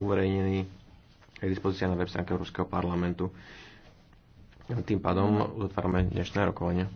uverejnený je dispozícia na web stránke Európskeho parlamentu. Tým pádom uzatvárame dnešné rokovanie.